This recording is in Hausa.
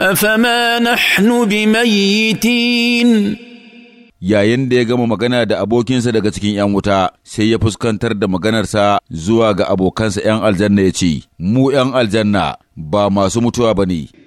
أفما نحن بميتين yayin da ya gama magana da abokinsa daga cikin ‘yan wuta, sai ya fuskantar da maganarsa zuwa ga abokansa ‘yan aljanna ya ce, Mu ‘yan aljanna ba masu mutuwa ba ne.